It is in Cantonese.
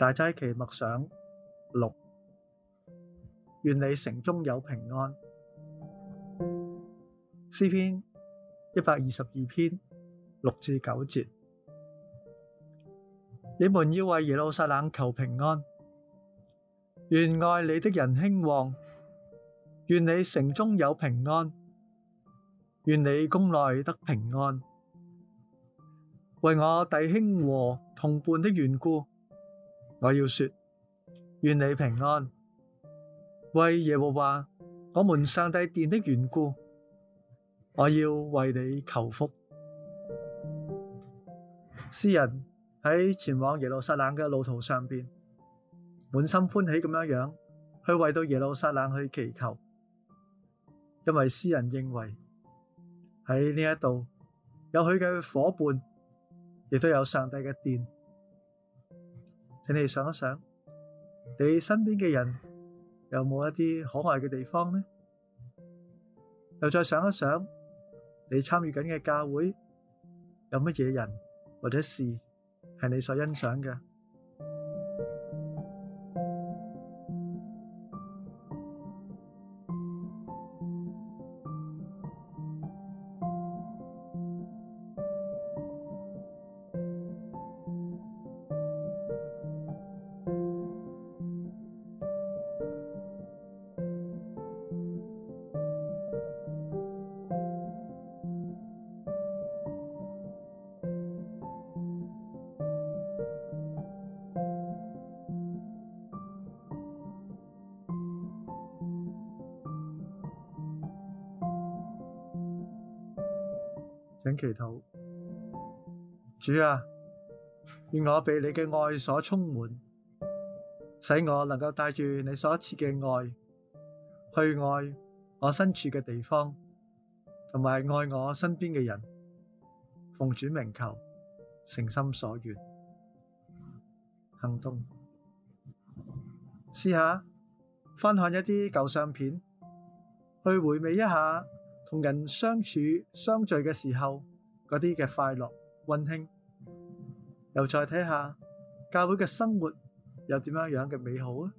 大齋期默想六，願你城中有平安。詩篇一百二十二篇六至九節，你們要為耶路撒冷求平安，願愛你的人興旺，願你城中有平安，願你宮內得平安，為我弟兄和同伴的緣故。我要說，願你平安，為耶和華我們上帝殿的緣故，我要為你求福。詩人喺前往耶路撒冷嘅路途上面，滿心歡喜咁樣樣去為到耶路撒冷去祈求，因為詩人認為喺呢一度有佢嘅伙伴，亦都有上帝嘅殿。你哋想一想，你身邊嘅人有冇一啲可愛嘅地方呢？又再想一想，你參與緊嘅教會有乜嘢人或者事係你所欣賞嘅？請祈禱，主啊，願我被你嘅愛所充滿，使我能夠帶住你所賜嘅愛去愛我身處嘅地方，同埋愛我身邊嘅人。奉主名求，誠心所願。行動。試下翻看一啲舊相片，去回味一下。同人相處相聚嘅時候，嗰啲嘅快樂溫馨，又再睇下教會嘅生活有點樣樣嘅美好啊！